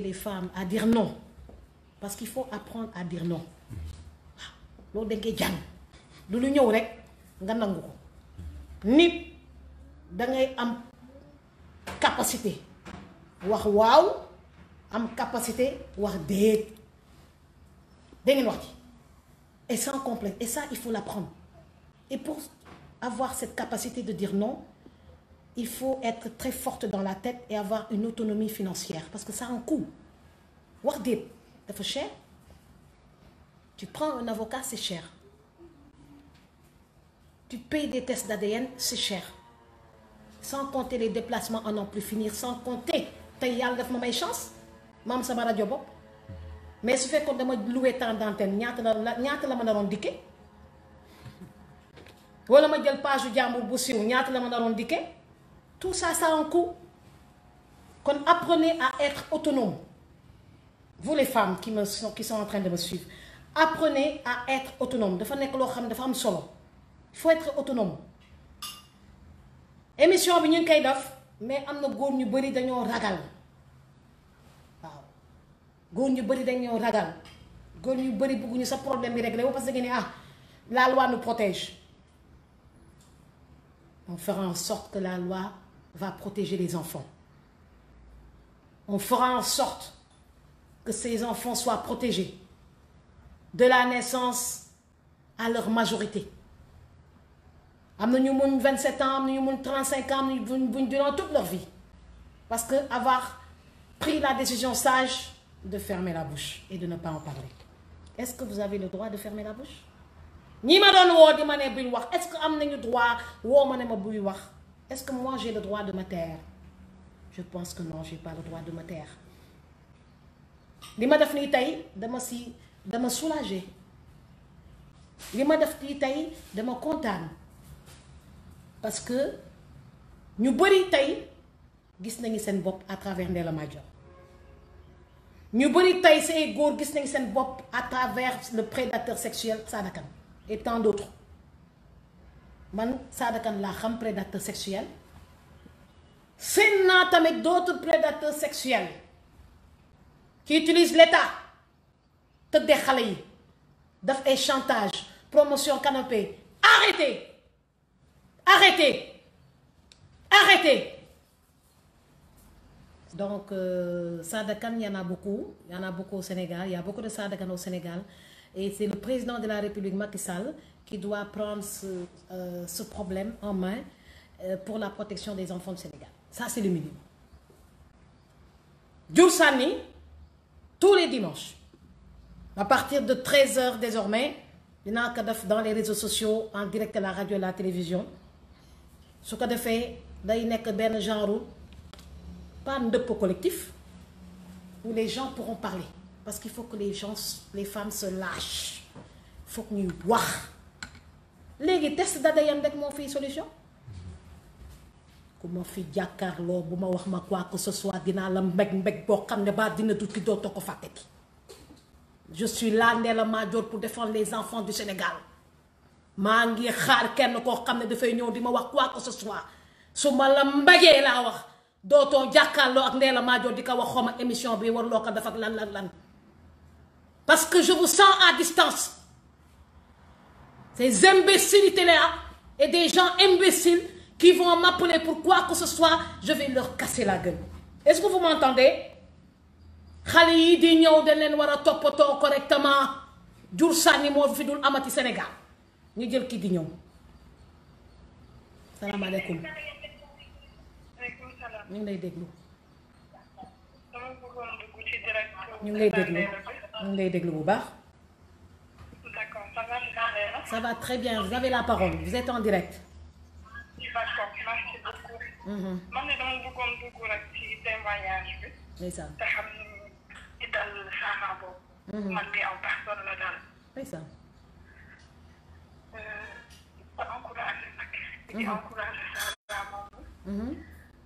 les femmes à dire non parce qu'il faut apprendre à dire non waaw ah, loolu jàng du lu ñëw rek nga nangu ko nit da am capacité wax waaw am capacité wax déet da wax ci et sans complexe et ça il faut l'apprendre et pour avoir cette capacité de dire non il faut être très forte dans la tête et avoir une autonomie financière parce que ça a un wax déet dafa cher tu prends un avocat c'est cher tu payes de tests d'ADN c'est cher sans compter les déplacements à n'en plus finir sans compter te yàlla daf ma may chance ma sama rajo bo mais su fekkoon dama loué temps d'antenne ñaata la ñaata la ma naroon dikkee wala ma jël page yu jàmbur bu siiw ñaata la a naroon dikkee tout ça ça a un coût kon apprenez à être autonome vous les femmes qui me sont qui en train de me suivre apprenez à être autonome dafa nekk loo xam ne dafa am solo il faut autonome émission bi ñu ngi koy def mais am na góor ñu bari dañoo ragal waaw góor ñu bëri dañoo ragal góor ñu bëri bëgguñu sa problème bi réglé wu parce que ngeen ne ah la loi nous protège on fera en sorte que la loi va protéger les enfants. On fera en sorte que ces enfants soient protégés de la naissance à leur majorité. am na ñu mun 27 ans am na ñu mun 35 ans am na buñ buñ durant toute leur vie parce que avoir pris la décision sage de fermer la bouche et de ne pas en parler est-ce que vous avez le droit de fermer la bouche ñi ma doon woo di ma ne buñ wax est-ce que am nañu droit woo ma ne ma buy wax. Est-ce que moi j'ai le droit de me taire je pense que non j'ai pas le droit de me taire li ma def nii tey dama si dama soulagé li ma def nii tey dama kontaan parce que ñu bëri tey gis nañu seen bopp à travers Ndella Madior ñu bëri tey say góor gis nañu seen bopp à travers le prédateur sexuel Sada Kane et tant d'autres man Sada Kane laa xam prédateur sexuel seen naa tamit d'autres prédateurs sexuels qui utilisent l'État tëddee xale yi daf ay chantage promotion canapé arrêtez arrêtez arrêtez donc euh, Sada Kane y en a beaucoup y en a beaucoup au Sénégal il a beaucoup de Sada Kane au Sénégal et c'est le président de la République Macky Sall qui doit prendre ce, euh, problème en main euh, pour la protection des enfants du Sénégal. Ça, c'est le minimum. sanni tous les dimanches, à partir de 13h désormais, il y en a dans les réseaux sociaux, en direct à la radio et à la télévision. Ce qu'on a fait, day nekk benn genre pas ndëpp collectif où les gens pourront parler parce qu'il faut que les les femmes se lâchent faut que ñuy wax léegi test d'ADN rek moo fi solution ku ma fi jàkkaarloo bu ma wax ma quoi que ce soit dinaa la mbeg mbeg boo xam ne ba dina tukki dootoo ko fàtte ki je suis là Ndella Madior pour défendre les enfants du Sénégal maa ngi xaar kenn koo xam ne dafay ñëw di ma wax quoi que ce soit su ma la mbagee laa wax dootoo jàkkaarloo ak Ndella Madior di ko wax xoma émission bi warloo ko def lan lan lan parce que je vous sens à distance. Ces imbécilités-là et des gens imbéciles qui vont m'appeler pour quoi que ce soit, je vais leur casser la gueule. Est-ce que vous m'entendez? xale yii di ñëw dañ leen war a toppatoo correctement jur sànni moo fi dul amati Sénégal ñu jël kii di ñëw salaamaaleykum ñu ngi lay déglu ñu ngi lay déglu ñu ngi lay déglu bu baax. Ça va très bien vous avez la parole vous êtes en direct. d'accord merci beaucoup. man de dama bëggoon dugg rek ci témoignage bi. ndeysaan te xam ni dal saama boobu. man bi aw personne la dal. ndeysaan. di encouragé nag. di encouragé saa moomu.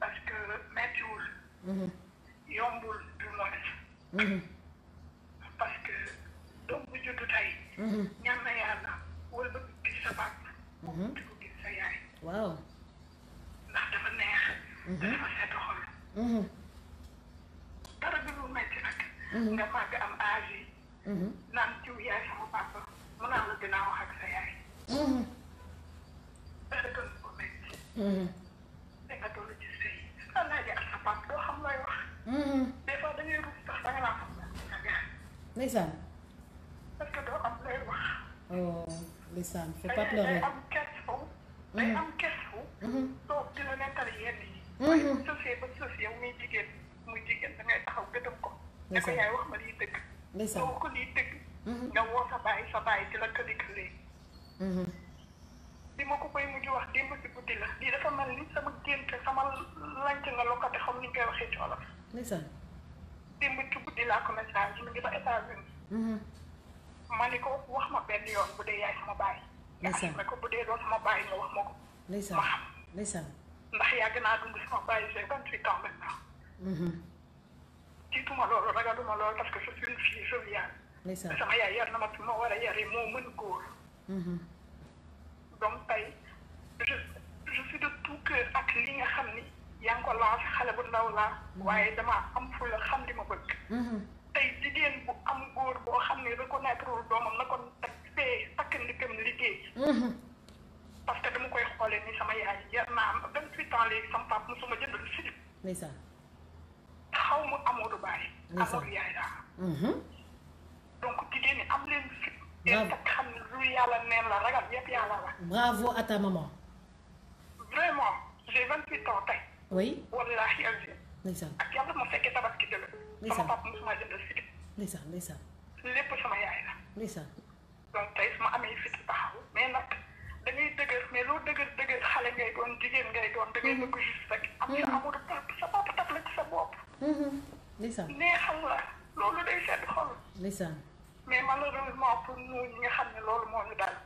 parce que méttiwul. Mm-hmm. yombul du moins. Mm-hmm. ñaan na yàlla wala ba gis sa papa. di ko gis sa yaay. waaw. ndax dafa neex. Mhm. te dafa seet xol. Mhm. dara bi lu metti nag. Mhm. nga màgg am âge yi. naan jiw yaay sama papa mu naan la dinaa wax ak sa yaay. ndeysaan faut pas pleurer. am kersu. day dina nettali yenn yi. Mm-hmm. bu sësee ba sës yow muy jigéen muy jigéen da ngay taxaw gëdëm ko. ko yaay ma lii dëgg. ndeysaan soo ko lii dëgg. Mm-hmm. nga woo sa baay sa baay di la këli mm-hmm. li ma ko koy mujj wax démb si guddi la lii dafa mel ni sama gént sama lanc nga lokkate xam ni ñu koy waxee ci wolof. ndeysaan. démb ci guddi laa ko message mu ngi ba États-Unis. ma ne ko wax ma benn yoon bu dee yaay sama baay. ndeysaan ma ko bu dee doon sama baay nga wax ma ko. ndeysaan ma xam ndeysaan. ndax yàgg naa dund sama baay j'ai vingt-huit ans maintenant. Mm-hmm. tiituma loolu ragaluma loolu parce que c'est une fille joviale. ndeysaan sama yaay yar na ma fi ma a yaree moo mën góor. Mm-hmm. donc tey je je suis de tout cœur ak li nga xam ni yaa ngi ko laaj xale bu ndaw laa. Mm-hmm. waaye dama am fu la xam li ma bëgg. tey jigéen bu am góor boo xam ne reconnaître wul doomam na ko takk see takk ndikam liggéey. Mhm. parce que dama koy xoolee ni sama yaay jar naa am vingt huit ans léegi sama papa mosuma jëndal si. ndeysaan. xaw ma Amadou Baye. ndeysaan Amadou yaay laa. Mhm. donc jigéen ñi am leen fit. waaw te xam ne lu yàlla neen la ragal yëpp yàlla la. bravo à ta vraiment j'ai vingt huit ans tey. oui wallaahi ak yàlla ma fekkee tabaski dëgg. ndeysaan sama papa mosuma lépp sama yaay la. ndeysaan. donc tey su ma amee fit taxaw mais nag da ngay dëgër mais loo dëgër dëgër xale ngay doon jigéen ngay doon da ngay dëgg mhm. juste rek. Mhm. am sa la ci bopp. Mhm. ndeysaan neexal la loolu day sedd xol. pour nous ñi xam ne loolu moo ñu dal.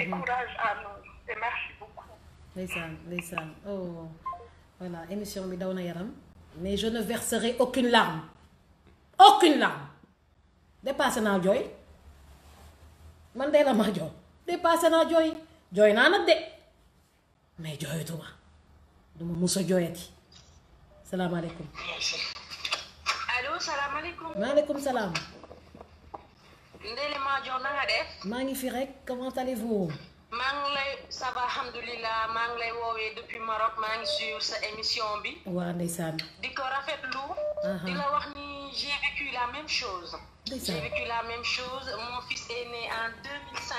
et courage à nous et merci beaucoup. ndeysaan ndeysaan oh voilà émission bi daw na yaram. mais je ne verserai aucune larme. aucune larme dépassé naa jooy man day la ma jooy naa jooy jooy naa nag de mais jooyatuma duma mus a jooyati salaamaaleykum. allo salaamaaleykum. maaleykum salaam. Ndéli maa ngi fi rek comment allez maa ngi lay ça va alhamdulilah maa ngi lay woowee depuis Maroc maa ngi suivre sa émission bi. waa ndeysaan. di ko rafetlu. di la wax ni. j'ai vécu la même chose. J'ai vécu la même chose. Mon fils est né en 2005.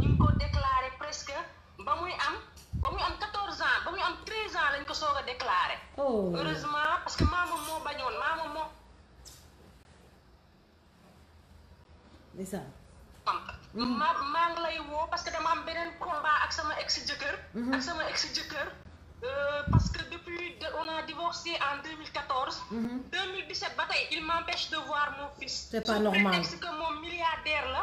Nous avons déclaré presque. ba muy am ba muy am 14 ans ba muy am 13 ans lañ ko soog a déclaré. Oh. heureusement parce que maamam moo bañoon maamam moo. ndeysaan. ma maa ngi woo parce que dama am beneen combat ak sama ex jëkkër. Mm-hmm. ak sama ex jëkkër. Euh, parce que depuis on a divorcé en 2014. Mm -hmm. 2017 ba tey il m'empêche de voir mon fils. c'est pas normal prétexte moom milliardaire la.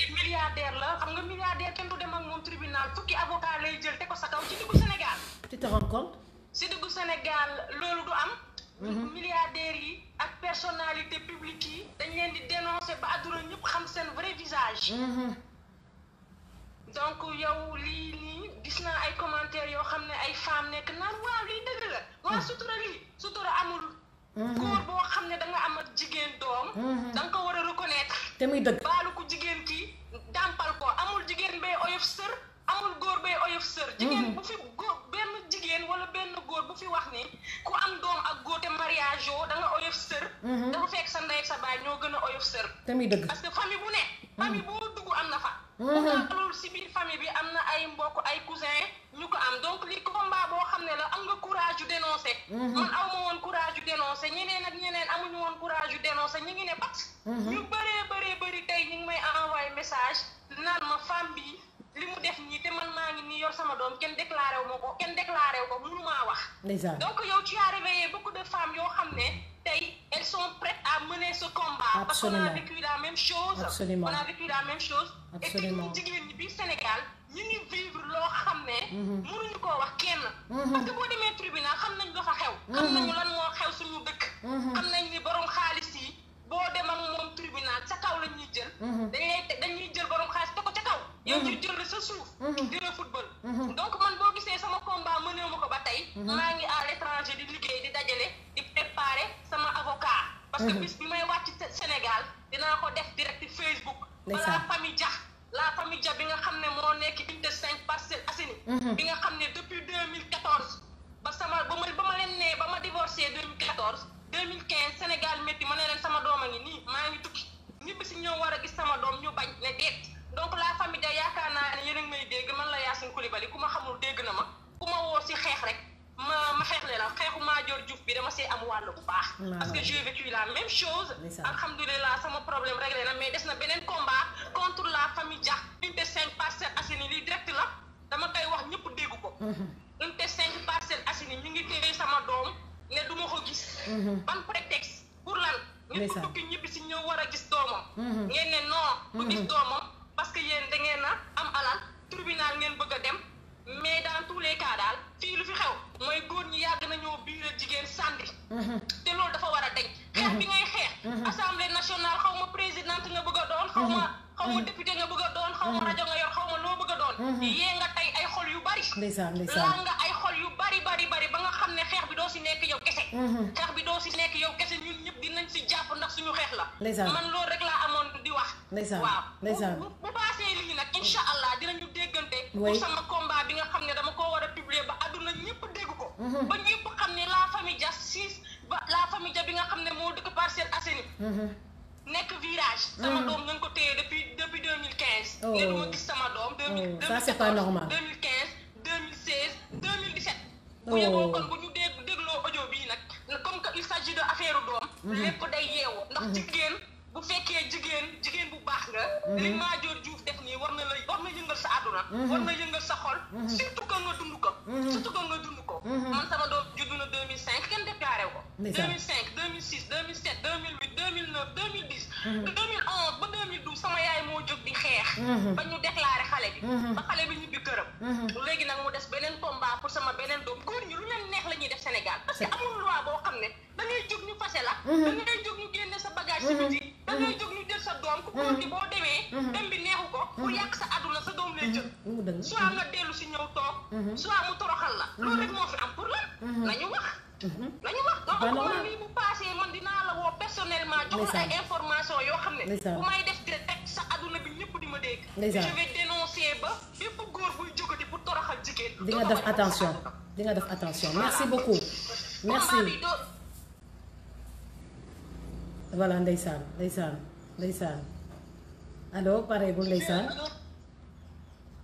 et milliardaire la xam nga milliardaire kenn du dem ak moom tribunal fukki avocat lay jël te ko sa kaw ci dugg Sénégal. tu te rends compte. ci Sénégal loolu du am. Mhm. milliardaires yi ak personnalité publique yi dañ leen di dénoncer ba àdduna ñëpp xam seen vrai visage. Mhm. donc yow lii nii gis naa ay commentaires yoo xam ne ay femmes nekk naan waaw lii dëgg la waaw mm-hmm. sutura lii sutura amul. Mm-hmm. góor boo xam ne da am ak jigéen doom. Mm-hmm. da ko war a reconnaître. te muy dëgg baalu ko jigéen kii dàmpal ko amul jigéen bay oyof sër amul góor bay oyof sër. jigéen bu fi góor benn jigéen wala benn góor bu fi wax ni ku am doom ak góor te mariage yoo da nga oyof sër. dafa fekk sa ndey ak sa baay ñoo gën a oyof sër. te muy dëgg dénoncé ñeneen ak ñeneen amuñu woon courage yu dénoncé ñu ngi ne pat mhm. ñu bëree bëree bëri tey ñu ngi may envoyé message naan ma femme bi li mu def nii te man maa ngi nii yor sama doom kenn déclaré wu ko kenn déclaré wu ko mënumaa wax donc yow tu as réveillé beaucoup de femmes yoo xam ne tey elles sont prêtes à mener ce combat parce qu'on a vécu la même chose Absolument. on a vécu la même chose Absolument. et jigéen ñi biir Sénégal ñu ngi vivre loo xam ne mënuñu mhm. koo wax kenn mhm. parce que boo demee tribunal xam nañ lu chose alhamdulilah sama problème réglé na mais des na beneen combat contre la famille Dia unité cinq Parcelles Assainies lii direct la dama koy wax ñëpp dégg ko mm-hmm. unité cinq Parcelles Assainies mi ngi téye sama doom ne du ma ko gis mm-hmm. ban prétexte pour lan nit ku tukki ñibbi si ñëw war a gis doomam mm-hmm. ngeen ne non du gis doomam ndeysaan ndeysaan laal nga ay xol yu bari bari ba nga xam ne xeex bi doo si nekk yow kese mhm. xeex bi doo si nekk yow kese ñun ñëpp dinañ si jàpp ndax suñu xeex la ndeysaan man loolu rek laa amoon di wax ndeysaan waaw ndeysaan bu paasee lii nag incha mm. allah dinañu déggante pour sama combat bi nga xam ne dama koo war a publier ba adduna ñëpp dégg ko mhm. ba ñëpp xam ne la famille Dia siis ba la famille Dia bi nga xam ne moo dëkk Parcelles Assainies mhm. nekk virage. sama doom nga ko téye depuis depuis deux mille quinze. Oh. ne du ma bu yeboo oh. kon bu ñu dégg dégloo audio bii nag comme que il s'agit de affaire doom mhm. lépp day yeewu ndax mhm. jigéen bu fekkee jigéen jigéen bu baax nga mhm. li Madior Diouf def nii war na la war na yëngal sa àdduna war na yëngal sa xol surtout ko nga dund ko surtout que nga dund ko man sama doom juddu na deux mille cinq kenn déclaré ko bu mm-hmm. léegi nag mu des beneen combat pour sama beneen doom góor ñu lu leen neex la ñuy def Sénégal parce que amul loi boo xam ne da ngay jóg ñu fase la mm-hmm. da jóg ñu sa bagage ci mm-hmm. biti da ngay jóg ñu jël sa doom ku góor gi boo demee dem bi neexu ko pour yàq sa àdduna sa doom lay jël soit nga dellu si ñëw toog soit mu toroxal la loolu rek moo fi am pour lan nañu wax nañu wax donc man lii bu passé man dinaa la woo personnellement jox la ay information yoo xam ne bu may def direct sa àdduna bi di ma dégg di nga def attention di def attention merci beaucoup merci voilà ndeysaan ndeysaan ndeysaan allo pareegul ndeysaan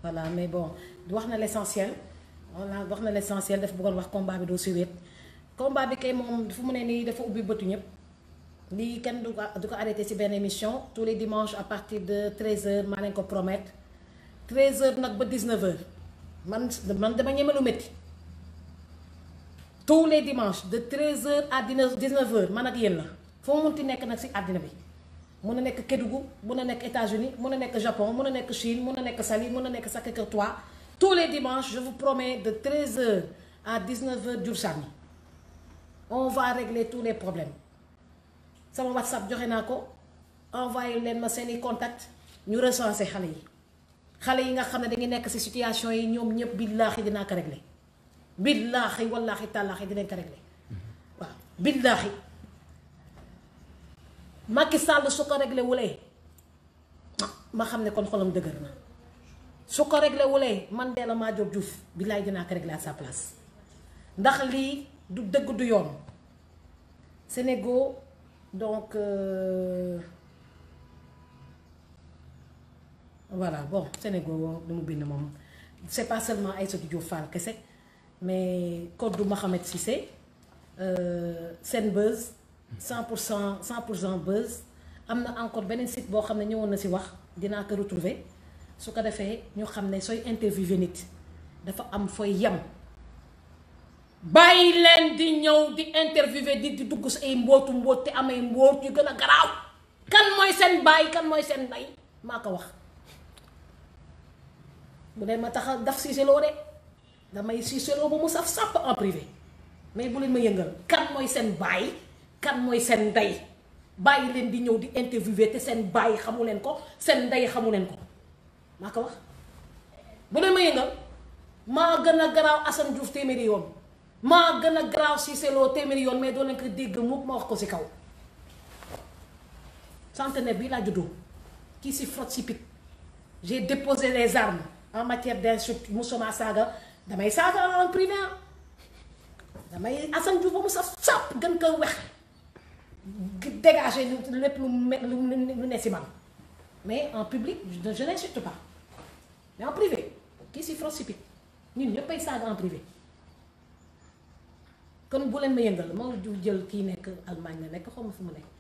voilà mais bon wax na l'essentiel voilà wax na l'essentiel daf bëggoon wax combat bi doo si wéet bi kay moom fu mu ne nii dafa ubbi bëtu ñëpp lii kenn du ko du ko arrêté ci benn émission tous les dimanches à partir de 13h maa leen ko promettre 13h nag ba 19h. man man dama ñeme lu métti tous les dimanches de 13h à 19h man ak yéen la foo munti nekk nag si àddina bi mun a nekk Kédougou mun a nekk États-Unis mun a nekk Japon mun a nekk Chine mun a nekk Saly mun a nekk Sacré-Cœur tous les dimanches je vous promets de 13h à 19h Diouf Sarr on va régler tous les problèmes sama WhatsApp joxe naa ko envoyé leen ma seeni contact ñu recenser xale yi. xale yi nga xam ne dañuy nekk ci situation yi ñoom ñëpp billaahi dinaa ko réglé billaahi wallaahi tàllaahi dinañ ko réglé waaw billaahi Macky Sall su ko réglé wulee ma xam ne kon xolam dëgër na su ko réglé wulee man dee la maa jóg Diouf billaahi dinaa ko réglé à sa place ndax lii du dëgg du yoon Sénégal donc. Euh, voilà bon Sénégal lu mu bind moom c'est pas seulement Aïssatou Diop Fall kese mais Kodou Mohamed Cissé euh, seen Buzz cent pour cent cent pour cent Buzz am na encore beneen site boo xam ne ñëwoon na si wax dinaa ko retrouver su ko defee ñu xam ne sooy interviewé nit dafa am foo yem bàyyi leen di ñëw di interviewé di di dugg si ay mbootu mbóot te amay mbóot yu gën a garaaw kan mooy seen bàyyi kan mooy seen ndey maa ko wax bu leen ma tax a daf siiseloo de damay siiseloo ba mu saf sàpp en privé mais bu leen ma yëngal kan mooy seen baay kan mooy seen ndey bàyyi leen di ñëw di interviewé te seen bàyyi xamu leen ko seen ndey xamu leen ko maa ko wax bu leen ma yëngal maa gën a garaaw Assane Diouf téeméeri yoon maa gën a garaaw siiseloo téeméeri yoon mais doo leen ko dégg mukk ma wax ko si kaw centenaire bii laa juddoo kii si frotte si pic j'ai déposé les armes en matière d'insulte musuma saaga damay saaga en privé damay Assane Diouf ba mu sa sap gën ko wex dégager lépp lu lu ne si man mais en public je n'insulte pas mais en privé kii si France pique ñun ñëppay saaga en privé kon bu leen ma yëngal ma jël kii nekk Allemagne la nekk xaw ma fu mu nekk